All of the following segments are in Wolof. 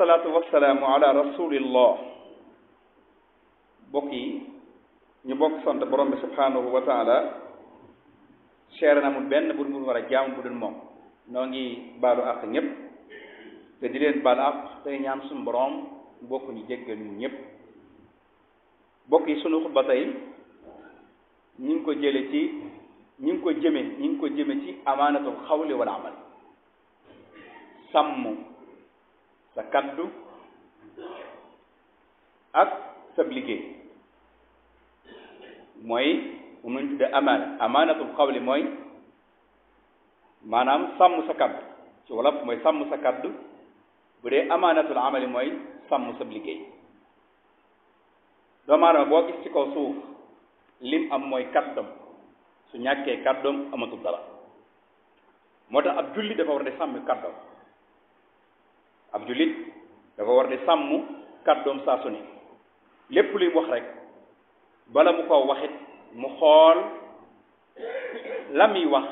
salaatu wasalaatu wasalaamu ala rasulillah bokk yi ñu bokk sant borom bi subhanahu wa taala seere na amul benn bu dul war a jaam bu dul moom noo ngi baalu àq ñëpp te di leen baalu àq tey ñaan suñu borom bokk ñu jéggal ñu ñëpp bokk yi sunu xutba ñu ngi ko jële ci ñu ngi ko jëme ñu ngi ko jëme ci amaanatul xawli wal amal sàmm sa kaddu ak sab liggéey mooy moom lañ tuddee amaana amaanatul xawli mooy maanaam sàmm sa kaddu ci wolof mooy sàmm sa kaddu bu dee amaanatul amali mooy sàmm sab liggéey doomu boo gis ci kaw lim am mooy kàddoom su ñàkkee kàddoom amatul dara moo tax ab julli dafa war a di sàmm kàddoom ab jullit dafa war di sàmm kàddoom saa su lépp luy wax rekk bala mu ko waxit mu xool la muy wax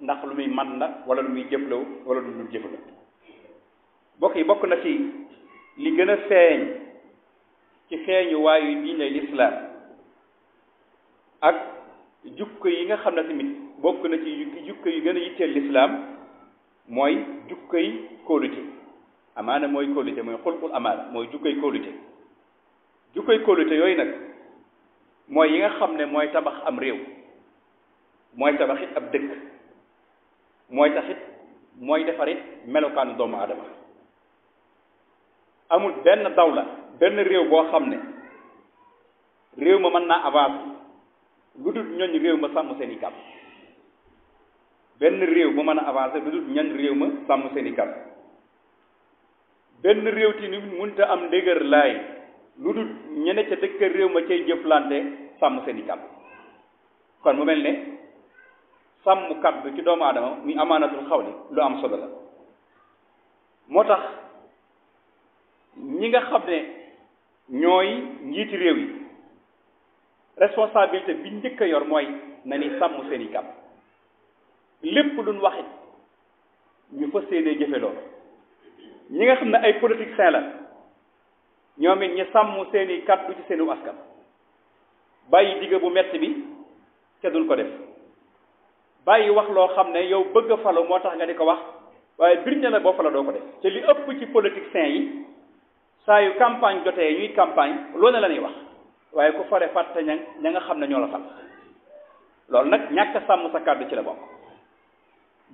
ndax lu muy man la wala lu muy jëflaw wala lu muy jëfla bokk yi bokk na ci li gën a feeñ ci feeñu waayu diine lislaam ak jukko yi nga xam ne tamit bokk na ci jukko yi gën a yitteel lislaam mooy jukko yi kóolute amaane mooy kóolute mooy xulqul amaana mooy jukkoy kóolute jukkoy kóolute yooyu nag mooy yi nga xam ne mooy tabax am réew mooy tabaxit ab dëkk mooy taxit mooy defarit melokaanu doomu adama amul benn la benn réew boo xam ne réew ma mën naa avancer lu dul ñoñ réew ma sàmm seen i benn réew ma mën a avancer lu dul ñoñ réew ma sàmm seen i benn réew tamit mënta am ndëgër laay lu dul ñene ca dëkk réew ma cay jëflante sàmm seen i kàddu kon mu mel ne sàmm kàddu ci doomu aadama muy amaanatul xawli lu am solo la moo tax ñi nga xam ne ñooy njiiti réew yi responsabilité bi njëkk a yor mooy na ni sàmm seen i kàddu lépp luñ waxit ñu fas yéenee jëfe loolu ñi nga xam ne ay politiciens la ñoom it ñu sàmm seeni kàddu ci seeni askan bàyyi digg bu metti bi te duñ ko def bàyyi wax loo xam ne yow bëgg a falu moo tax nga di ko wax waaye bir na la boo fala doo ko def te li ëpp ci politiciens yi saa yu campagne jotee ñuy campagne loolu ne la waaye ku fare fàtte ña nga xam ne ñoo la loolu nag ñàkk sàmm sa kàddu ci la bokk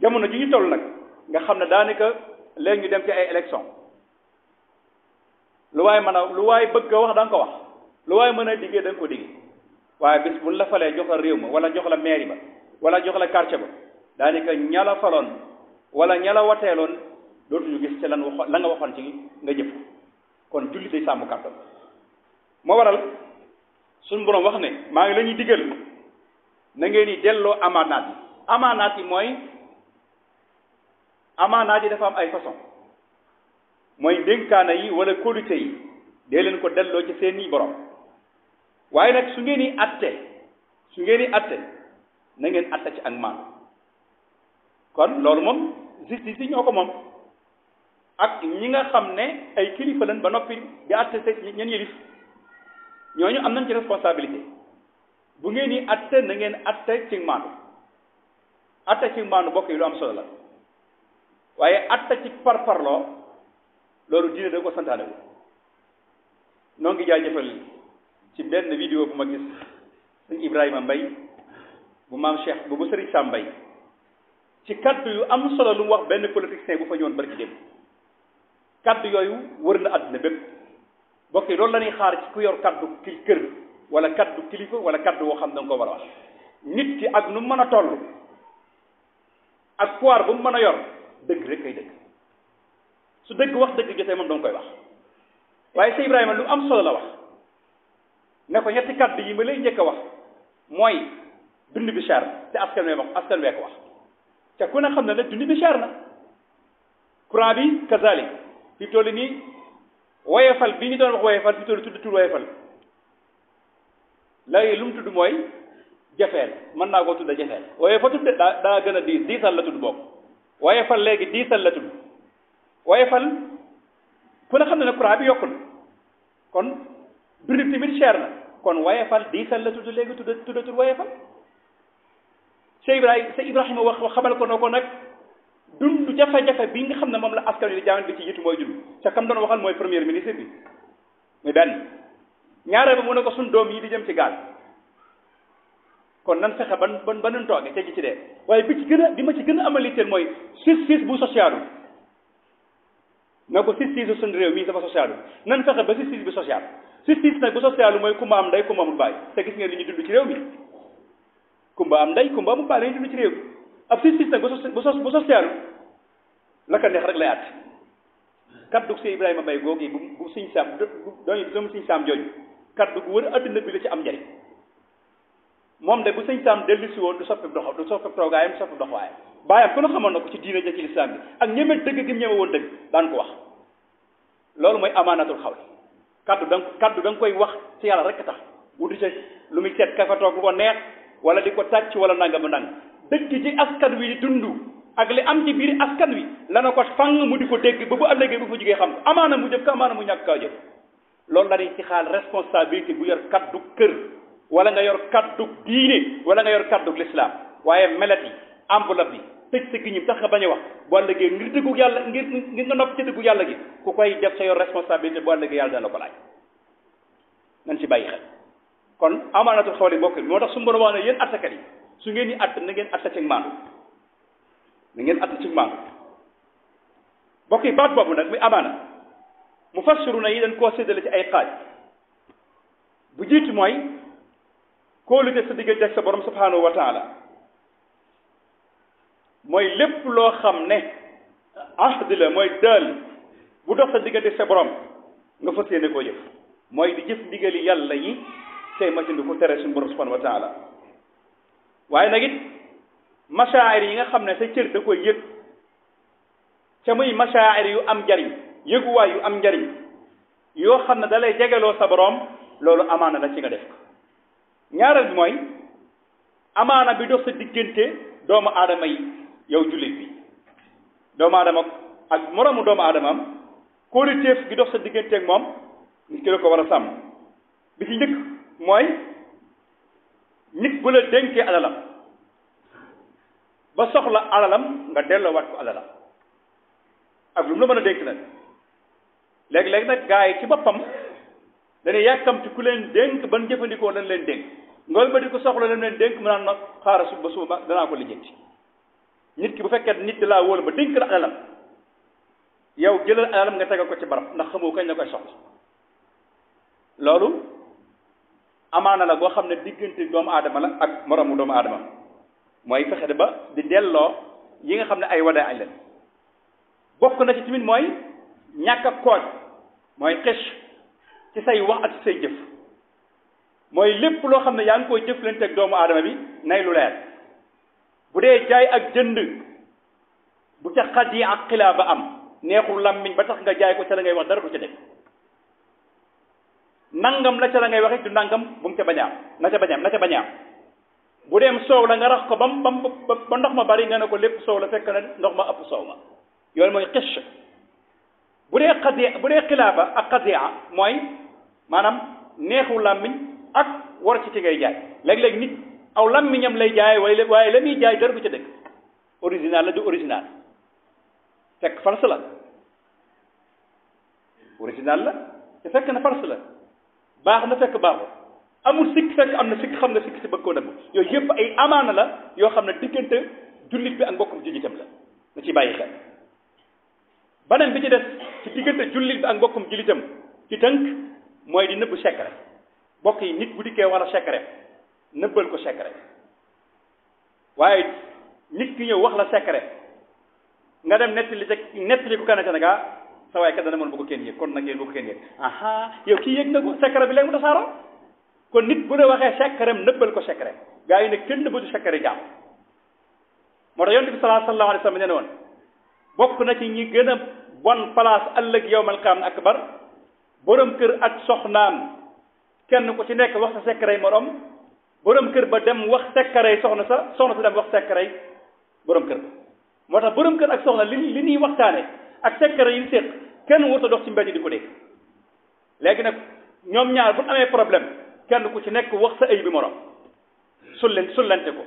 jamono ji ñu toll nag nga xam ne daanaka léegi ñu dem ci ay élection lu waaye mën a lu waaye bëgg a wax da ko wax lu waaye mën a diggee da ko diggee waaye bis bu la falee jox la réew ma wala jox la mairie ba wala jox la quartier ba daanaka ña la faloon wala ña la wateeloon dootuñu gis ci lan waxoon la nga waxoon ci nga jëf kon julli day sàmm kàddoom moo waral suñu borom wax ne maa ngi la ñuy digal na ngeen di delloo amaanaat yi amaanaat yi mooy amaanaa di dafa am ay façon mooy dénkaana yi wala kóolute yi dee leen ko delloo ci seeni borom waaye nag su ngeen yi atte su ngeen di atte na ngeen atte ci ak maan kon loolu moom justice yi ñoo ko moom ak ñi nga xam ne ay kilifa lañ ba noppi di atte se ñeen yëlif ñooñu am nañ ci responsabilité bu ngeen yi atte na ngeen atte ci maandu atte ci maandu bokk yi lu am solo la waaye atta ci parparloo loolu diine da ko santaane wu noo ngi jaajëfal ci benn vidéo bu ma gis sëñ Ibrahima Mbay bu maam Cheikh bu bu sëriñ Sam Mbay ci kaddu yu am solo lu mu wax benn politicien bu fa ñëwoon ci dem kaddu yooyu wër na àdduna bépp bokk yi loolu la xaar ci ku yor kaddu ki kër wala kaddu kilifa wala kaddu woo xam da nga ko war wax nit ki ak nu mën a toll ak pouvoir bu mu mën a yor dëgg rek kay dëgg su dëgg wax dëgg jotee moom danga koy wax waaye sa Ibrahima lu am solo la wax ne ko ñetti kàddu yi ma lay njëkk a wax mooy dund bi cher te askan wee wax askan wee ko wax te ku ne xam ne la dund bi na courant bi kazalik fi mu toll nii woyefal bi ñu doon wax woyefal fi mu toll tudd tur woyefal léegi lu mu tudd mooy jafeel mën naa koo tudda jafeel woyefal tudd daa daa gën a diis diisal la tudd boobu woyefal léegi diisal la tudd woyefal ku ne xam ne ne courant bi yokkul kon dund tamit cher na kon waaye woyefal diisal la tudd léegi tudd tuddatul woyefal Cheikh Ibrahima Cheikh Ibrahima wax xamal ko noo ko nag dund jafe-jafe bi nga xam ne moom la askan wi jaaman bi ci jiitu mooy dund ca kam doon waxal mooy premier ministre bi muy benn ñaareel ba mu ne ko suñ doom yi di jëm ci gaal kon nan fexe ban ban ba nan toogee te ci dee waaye bi ci gën a bi ma ci gën a amaliteel mooy siis siis bu socialu na ko siis siis réew mii dafa socialu nan fexe ba siis siis bi social siis siis nag bu socialu mooy kumba am nday kumba amul baay te gis ngeen li ñu dund ci réew mi kumba am nday kumba amul baay la ñu dund ci réew mi ab siis siis nag bu socialu la ka neex rek lay àtt kaddu si Ibrahima bay googu bu bu siñ saam doñu doomu siñ saam jooju kaddu gu wër adduna bi la ci am njariñ moom de bu sëñ Sam dellu si woon du soppi dox du soppi toogaayam du soppi doxwaayam bàyyam ku ne xamoon na ko ci diine ja ci lislaam bi ak ñeme dëgg gi ñeme woon dëgg daan ko wax loolu mooy amaanatul xaw kaddu da kaddu danga koy wax ci yàlla rek tax wuti ca lu muy seet ka fa toog lu ko neex wala di ko tàcc wala nangam nang dëgg ci askan wi dund ak li am ci biir askan wi lana ko fang mu di ko dégg ba bu ëllëgee bu fa jugee xam ko amaana mu jëf ko mu ñàkk ka loolu la xaal responsabilité bu yor kaddu wala nga yor kaddu diine wala nga yor kaddu lislaam waaye melet yi enveloppe bi tëj sa giñum tax nga bañ a wax bu àllëgee ngir dëggu yàlla ngir ngir nga nopp ci dëggu yàlla gi ku koy def sa yor responsabilité bu àllëgee yàlla dana ko laaj nañ ci bàyyi xel kon amaanatul xawli mbokk yi moo tax su mboroom wax ne yéen attakat yi su ngeen di att na ngeen atta ci maandu na ngeen atta ci maandu mbokk baat boobu nag muy amaana mu fassiru na yi dañ koo séddale ci ay xaaj bu kóolute sa diggante ak sa borom subhanahu wa taala mooy lépp loo xam ne ahdi la mooy dël bu dox sa diggante sa boroom nga fas yéene koo jëf mooy di jëf ndigali yàlla yi tey macindu ko tere suñu borom subhanahu wa waaye nag it masaayir yi nga xam ne sa cër da koy yëg ca muy masaayir yu am njariñ yëguwaay yu am njariñ yoo xam ne dalay jegeloo sa borom loolu amaana la ci nga def ñaareel bi mooy amaana bi dox sa diggante doomu aadama yi yow jullit bi doomu aadama ak moroomu doomu aadama am kóoluteef gi dox sa diggante ak moom nit ki la ko war a sàmm bi ci njëkk mooy nit bu la dénkee alalam ba soxla alalam nga delloo wat ko alalam ak lu mu la mën a dénk nag léegi-léegi nag gaa yi ci boppam dañuy yàkkamti ku leen dénk ban jëfandikoo lañ leen dénk nga ba di ko soxla leen leen dénk mu naan ma xaaral suba ba suba danaa ko lijjanti nit ki bu fekkee nit di laa wóolu ba dénk la alalam yow jëlal alalam nga tegal ko ci barab ndax xamoo kañ la koy soxla loolu amaana la boo xam ne diggante doomu aadama la ak moromu doomu aadama mooy fexe ba di delloo yi nga xam ne ay wada ay leen bokk na ci tamit mooy ñàkk a kooj mooy xis ci say wax ak ci say jëf mooy lépp loo xam ne yaa ngi koy jëflante ak doomu adama bi nay lu leer bu dee jaay ak jënd bu ca xat yi ak xilaa ba am neexul làmmiñ ba tax nga jaay ko ca la ngay wax dara du ca def nangam la ca la ngay waxee du nangam bu mu ca bañaam na ca bañaam na ca bañaam bu deem soow la nga rax ko ba bam ba ndox ma bari nga ne ko lépp soow la fekk na ndox ma ëpp soow ma yooyu mooy xis bu dee xadi bu dee ba ak xadia mooy maanaam neexul làmmiñ war ci ci ngay jaay léeg-léeg nit aw làmmiñam lay jaay waaye waaye la muy jaay dara du ca dëkk original la du original fekk farce la original la te fekk na farce la baax na fekk baaxul amul sikk fekk am na sikk xam nga sikk si bëgg koo dem yooyu yëpp ay amaana la yoo xam ne diggante jullit bi ak mbokkum jullitam la na ci bàyyi xel beneen bi ci des ci diggante jullit bi ak mbokkum jullitam ci tënk mooy di nëbbu secret bokk yi nit bu dikkee war a secret nëbbal ko secret waaye nit ki ñëw wax la secret nga dem nettali ca nettali ko kenn ca ne gaa sa waay kat dana mën bu ko kenn yëg kon nag yéen bu ko kenn yëg aha yow kii yëg bi léegi mu kon nit bu ne waxee secret nëbbal ko secret gaa yi ne kenn bëtu secret jàmm moo tax yonent bi sallallahu alayhi wa sallam nee na woon bokk na ci ñi gën a bon place ëllëg yowmal am akbar borom kër ak soxnaam kenn ku ci nekk wax sa sekkaray morom borom kër ba dem wax sekkaray soxna sa soxna sa dem wax sekkaray borom kër moo tax bërëm kër ak soxna li li ñuy waxtaanee ak sekkaray yi séq kenn warut a dox ci mbedd di ko dégg léegi nag ñoom ñaar bu amee problème kenn ku ci nekk wax sa ay bi morom sullen sullante ko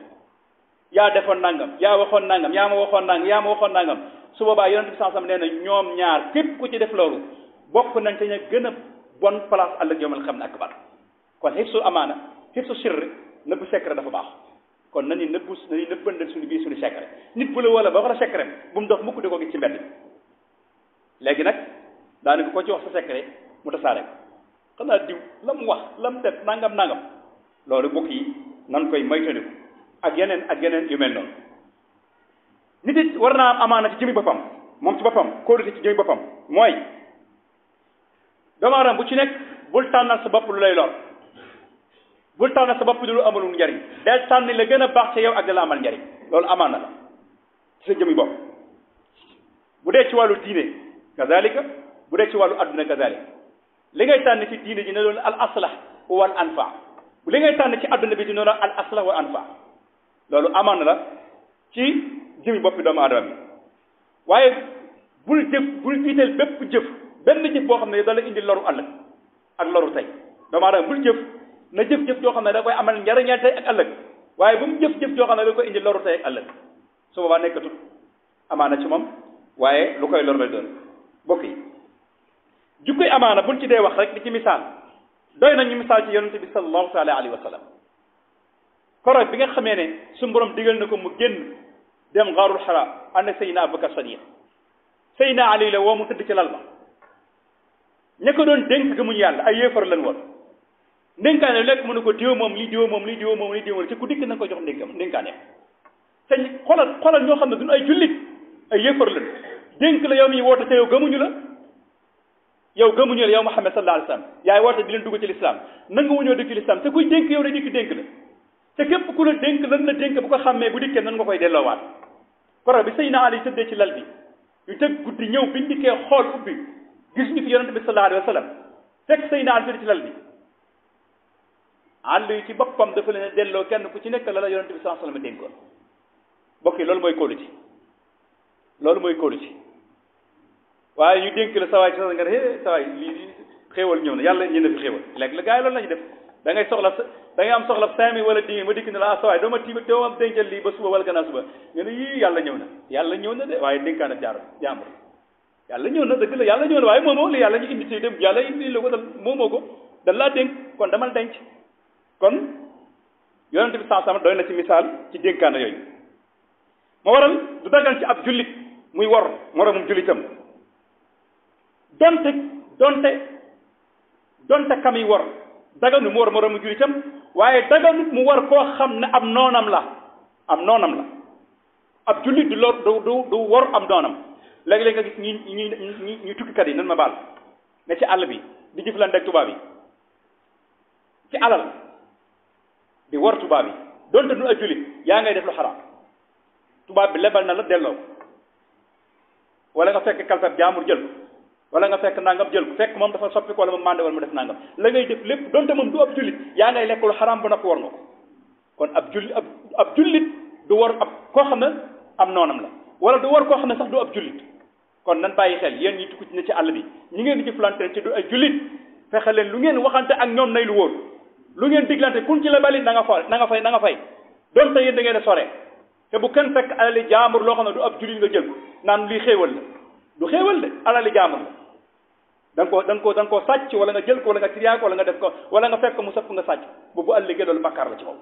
yaa defoon nangam yaa waxoon nangam yaa ma waxoon nangam yaa ma waxoon nangam su boobaa yonent bi sansam nee na ñoom ñaar képp ku ci def loolu bokk nañ te gën a bon place àll ak xam ne akbar kon xifsul amaana xifsul sirr nëbbu secret dafa baax kon nañu nëbbu nañu nëbbandal suñu biir suñu secret nit bu la wala ba wax la secret bu mu dox mukk di ko gis ci mbedd léegi nag daanaka ko ci wax sa secret mu tasaare ko xanaa diw la mu wax la mu def nangam nangam loolu bokk yi nan koy moytandiku ak yeneen ak yeneen yu mel noonu nit it war naa am amaana ci jëmi boppam moom ci boppam kóolute ci jëmi boppam mooy doomu bu ci nekk bul tànnal sa lay lor bul tànn sa bopp di lu amalul njariñ del tànn la gën a baax ca yow ak da la amal njariñ loolu amaan na la ci sa jëmi bopp bu dee ci wàllu diine kazalika bu dee ci wàllu adduna kazalika li ngay tànn ci diine ji ne doon al aslah wal anfa li ngay tànn ci adduna bi di noonu al aslah wal anfa loolu aman la ci jëmi boppi doomu aadama bi waaye bul jëf bul jiital bépp jëf benn jëf boo xam ne dala indi loru àll ak loru tey doomu aadama bul jëf na jëf-jëf joo xam ne da koy amal njariñal tey ak ëllëg waaye bu mu jëf-jëf joo xam ne da koy indi loru tey ak ëllëg su boobaa nekkatul amaana ci waaye lu koy lor lay doon bokk yi jukkoy amaana buñ ci dee wax rek di ci misaal doy nañu misaal ci yonente bi sallallahu taala alayhi wa sallam koroj bi nga xamee ne su borom digal na ko mu génn dem xaarul xaraam ànd ak Seydina Abubakar Sadiq Seydina Ali la woo mu tëdd ci lal ba ña ko doon dénk gëmuñu yàlla ay yéefar lan ndénkaane lu nekk mu ne ko diw moom lii diw moom lii diw moom lii diw moom te ku dikk na nga ko jox ndénkam ndénkaane te xoolal xoolal ñoo xam ne duñu ay jullit ay yëfar lañu dénk la yow mi woote te yow gëmuñu la yow gëmuñu la yow Muhammad sallallahu alayhi wa sallam yaay woote di leen dugg ci lislaam nanga wuñoo dugg ci lislaam te kuy dénk yow la dikk dénk la te képp ku la dénk lan la dénk bu ko xàmmee bu dikkee nan nga koy delloowaat koro bi Seydina Ali tëddee ci lal bi ñu tëg guddi ñëw biñ dikkee xool ubbi gis ñu fi yonente bi sallallahu alayhi wa sallam fekk Seydina Ali tëddee ci lal bi ànd yi ci boppam dafa leen delloo kenn ku ci nekk la la yonent bi sallallahu alayhi wasallam dénkoon bokk yi lool mooy kóolu ci loolu mooy kóolu waaye ñu dénk la sawaay ci sa nga ne sawaay lii xéewal ñëw na yàlla yéen a fi xéewal léegi la gars yi loolu la ñu def da ngay soxla da ngay am soxla cinq mille wala dix mille ma dikk ne la ah sawaay doo ma tiim doo am dénkal lii ba suba wala gannaaw suba nga ne yii yàlla ñëw na yàlla ñëw na de waaye dénkaana jaar jàmbur yàlla ñëw na dëgg la yàlla ñëw na waaye moomoo li yàlla ñu indi ci dem yàlla indi la ko dal moomoo ko dan laa dénk kon damal denc kon yonente bi saa sama doy na ci misaal ci dénkaane yooyu moo waral du dagal ci ab jullit muy war moroomum jullitam donte donte donte kam yi wor daganu mu war moroomum jullitam waaye daganu mu war koo xam ne am noonam la am noonam la ab jullit du lor du du du wor am noonam léegi-léegi nga gis ñi ñi ñi tukkikat yi nan ma baal ne ci àll bi di jëflante ak tubaab yi ci alal di war tubaab yi donte du ab jullit yaa ngay def lu xaraam tubaab bi lebal na la delloo wala nga fekk kalfet jaamur jël wala nga fekk nangam jël fekk moom dafa soppi ko wala moom mànde wala mu def nangam la ngay def lépp donte moom du ab jullit yaa ngay lekk lu xaraam ba noppi war nga kon ab jullit ab ab jullit du war ab koo xam ne am noonam la wala du war koo xam ne sax du ab jullit kon nan bàyyi xel yéen ñi tukki ci ci àll bi ñu ngeen di jëflante ci du ay jullit fexe leen lu ngeen waxante ak ñoom nay lu wóor lu ngeen diglante kun ci la bali na nga fa na nga fay na fay donte yéen da ngeen a sore te bu kenn fekk alali jaamur loo xam ne du ab jullit nga jël ko naan lii xéewal la du xéewal de alali jaamur la da nga koo da koo da nga sàcc wala nga jël ko wala nga triyaa ko nga def ko wala nga fekk mu sëpp nga sàcc bu bu àlligéey loolu bakkaar la ci kaw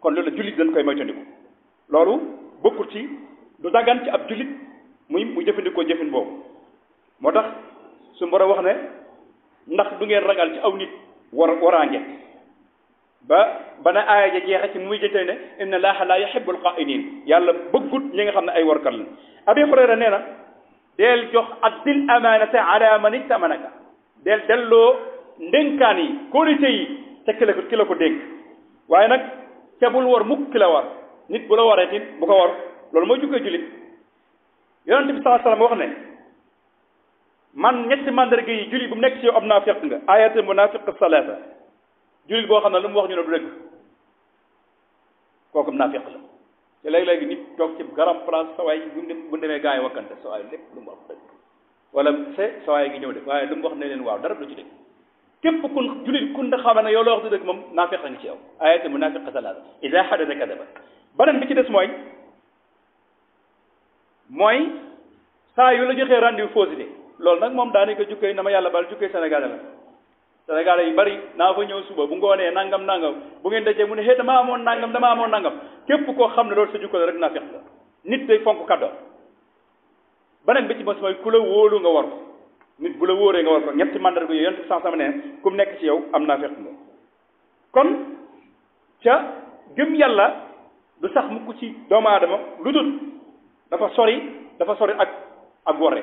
kon loolu la jullit dañ koy moytandiku loolu bokkul ci du dagan ci ab jullit muy muy jëfandikoo jëfin boobu moo tax su mboro wax ne ndax du ngeen ragal ci aw nit war waraange ba bana aaya ja a ci mujjante ne inna laaha laa yuhibbul xaa'iniin yàlla bëggut ñi nga xam ne ay warkat la abi xurayra nee na deel jox addil amaanata ala man istamanaka delloo ndénkaan yi kóolite yi te ki la ko ki ko dénk waaye nag te bul war mukk ki la war nit bu la waree tamit bu ko war loolu mooy jukkee jullit yonent bi sallallahu alayhi wasallam wax ne man ñetti mandarga yi jullit bu mu nekk ci yow am naafiq nga ayatul munaafiq salaasa jullit boo xam ne lu mu wax ñu ne du dëgg kooku naafiq la te léeg-léegi nit toog ci garam place sawaay bu demee gaa yi wakkante sawaay lépp lu mu wax dëgg wala se sawaay gi ñëw de waaye lu mu wax ne leen waaw dara du ci dëgg képp kun jullit kun xam ne yow loo wax du dëgg moom naafiq nga ci yow ayati munaafiq salaat ida xadasa kadaba beneen bi ci des mooy mooy saa yu la joxee rendez-vous faussé de loolu nag moom daanaka jukkee na ma yàlla baal jukkee Sénégal la Sénégalais yi bari naa fa ñëw suba bu ngoonee nangam nangam bu ngeen dajee mu ne hee dama amoon nangam dama amoon nangam képp koo xam ne loolu sa jukko la rek naa fex la nit day fonk kàddoom beneen bi ci mos mooy ku la wóolu nga war ko nit bu la wóoree nga war ko ñetti mandarga yooyu yonent sax sama ne ku mu nekk ci yow am naa fex nga kon ca gëm yàlla du sax mukk ci doomu aadama lu dul dafa sori dafa sori ak ak wore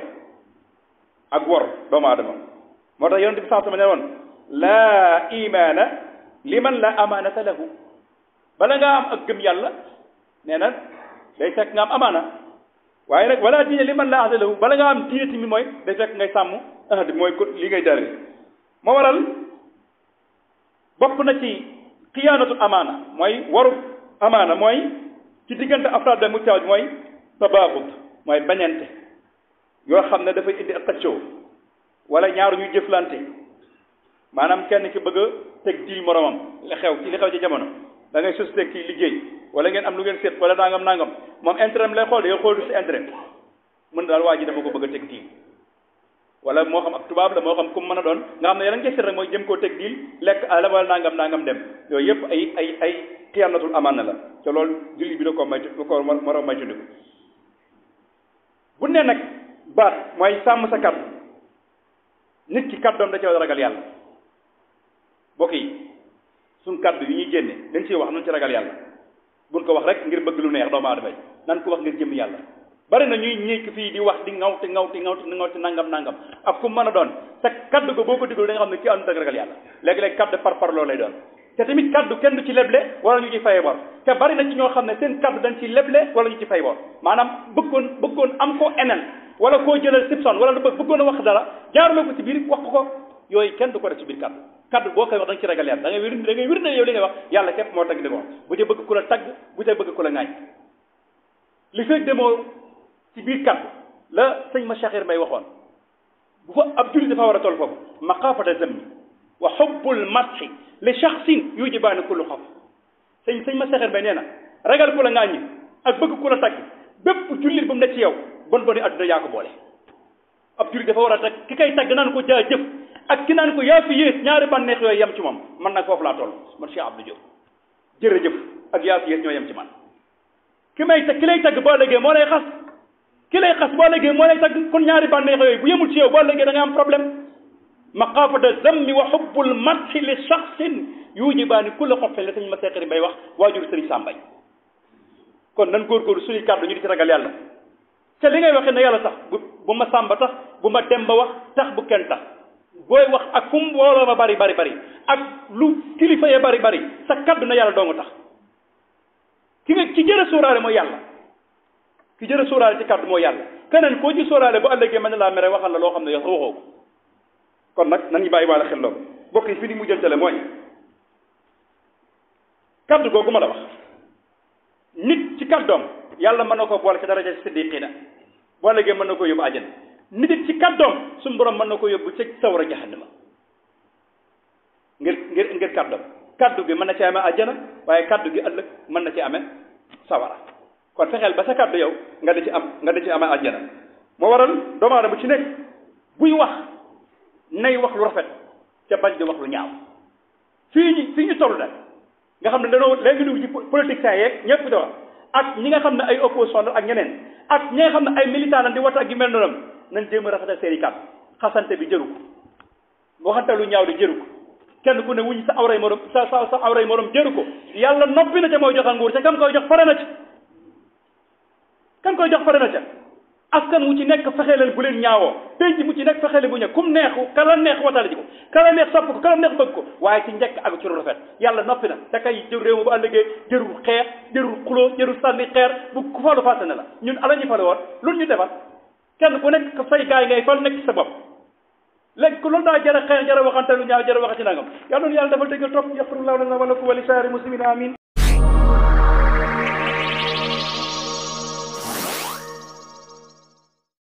ak wor doomu aadama moo tax yonent bi sax sama ne woon laa imaana liman la amaanata lahu bala nga am ak gëm yàlla nee na day fekk nga am amaana waaye nag wala diine liman la ahda lahu bala ngaa am diine mooy day fekk ngay sàmm ahd mooy li ngay dare moo waral bokk na ci xiyaanatul amaana mooy waru amaana mooy ci diggante afraad da mujtahid mooy tabaaxut mooy bañante yoo xam ne dafa indi ak xëccoo wala ñaaru ñuy jëflante maanaam kenn ki bëgg a teg diil moromam li xew ci li xew ci jamono da ngay société kii liggéey wala ngeen am lu ngeen seet wala nangam nangam moom intérêt am lay xool yow xoolu si intérêt mën daal waa ji dafa ko bëgg a teg diil wala moo xam ak tubaab la moo xam ku mu mën a doon nga xam ne yalañ seet rek mooy jëm koo teg diil lekk àll wala nangam nangam dem yooyu yëpp ay ay ay xiyaanatul amaana la te loolu julli bi da ko may da koo moroom may tudd bu ne nag baat mooy sàmm sa kàddu ki kàddoom da ci ragal yàlla bokk yi suñ kàddu yi ñuy génne dañ ciy wax nañ ci ragal yàlla buñ ko wax rek ngir bëgg lu neex doomu aadama yi nan ko wax ngir jëm yàlla bari na ñuy ñékk fii di wax di ngawti ngawti ngawti ngawti nangam nangam ak ku mën a doon te kaddu ko boo ko diglu da nga xam ne kii àndut ak ragal yàlla léegi-léegi kaddu par par loolu lay doon te tamit kaddu kenn du ci leble wala ñu ci fay bor te bari na ci ñoo xam ne seen kaddu dañ ci leble wala ñu ci fay bor maanaam bëggoon bëggoon am koo eneen wala koo jëlal sipson wala lu bëgg bëggoon a wax dara jaarloo ci biir wax ko yooyu kenn du ko def ci biir kaddu kaddu boo koy wax da ci ragal yàlla da ngay wir da ngay wir ne yow li ngay wax yàlla képp moo tagg di ko wax bu ca bëgg ku la tagg bu ca bëgg ku la li fekk demoo ci biir kaddu la sëñ ma Cheikhir may waxoon bu fa ab jullit dafa war a toll foofu maqaafata zammi wa xubbul matxi li shaxsin yujibaani kullu xaf sëñ sëñ may nee na ragal ku la ŋaañi bëgg ku la tagg bépp jullit bu mu ne ci yow bon boni adduna yaa ko boole ab jullit dafa war a tagg ki kay tagg naan ko jaa ak kinaan naan ko yaa fi ñaari bànneex yooyu yem ci moom man nag koo laa toll man Cheikh Abdou Diop jërëjëf ak yaa fi yées ñoo yem ci man ki may ki lay tagg boo léegee moo lay xas ki lay xas boo léegee moo lay tagg kon ñaari bànneex yooyu bu yemul ci yow boo léegee da nga am problème maqaafata zammi wa xubbul madxi li shaxsin yujibaani kulla xotfin la sëñ ma seexari bay wax waajur sëriñ sàmbay kon nan góorgóorlu suñuy kàddu ñu di ci ragal yàlla te li ngay waxee ne yàlla tax bu bu ma sàmba tax bu ma demba wax tax bu kenn tax booy wax ak kum mbooloo ma bari bari bari ak lu kilifa ya bari bari sa kaddu na yàlla doongu tax ki nga ki jëra sóoraale mooy yàlla ki jëra sóoraale ci kaddu mooy yàlla keneen koo ci sóoraale bu àllëgee mën na laa mere waxal la loo xam ne yow waxoo ko kon nag nañu bàyyi waale xel loolu bokk yi ni mu jëntale mooy kaddu googu ma la wax nit ci kaddoom yàlla mën na ko boole ci daraja siddiqina bu àllëgee mën na ko yóbbu àjjana nit ci kàddoom suñu borom mën na ko yóbbu ci sawara jahannama ngir ngir ngir kàddoom kàddu gi mën na ci amee àjjana waaye kàddu gi ëllëg mën na ci ame sawara kon fexeel ba sa kàddu yow nga di ci am nga di ci amee àjjana moo waral doomu aadama bu ci nekk buy wax nay wax lu rafet ca bañ di wax lu ñaaw fii ñu fii ñu toll nag nga xam ne danoo léegi dugg ci politiciens yeeg ñëpp di wax ak ñi nga xam ne ay opposition ak ñeneen ak ñi nga xam ne ay militant di wata ak yu nañ jéem a rafetal seeni kàddu xasante bi jëru ko waxante lu ñaaw di jëru ko kenn ku ne wuñ sa awray morom sa sa sa awray morom jëru ko yàlla noppi na ca mooy joxe nguur ca kan koy jox pare na ca kan koy jox pare na ca askan wu ci nekk fexe leen bu leen ñaawoo penc mu ci nekk fexe bu ñëw kum neexu kala neex watale ji ko kala neex sopp ko kala neex bëgg ko waaye ci njëkk ak ci lu rafet yàlla noppi na te kay jël réew mi bu àllëgee jërul xeex jërul xuloo jërul sànni xeer bu ku falu la ñun ala ñu fale woon lu ñu defal kenn ku nekk say gaay ngay fal nekk sa bopp ku loolu daa jara xeex jara waxante lu ñaaw jara waxati nangam yal na nu yàlla defal dëggal topp yaxfirullahu lana wa lakum wa li saari muslimin amin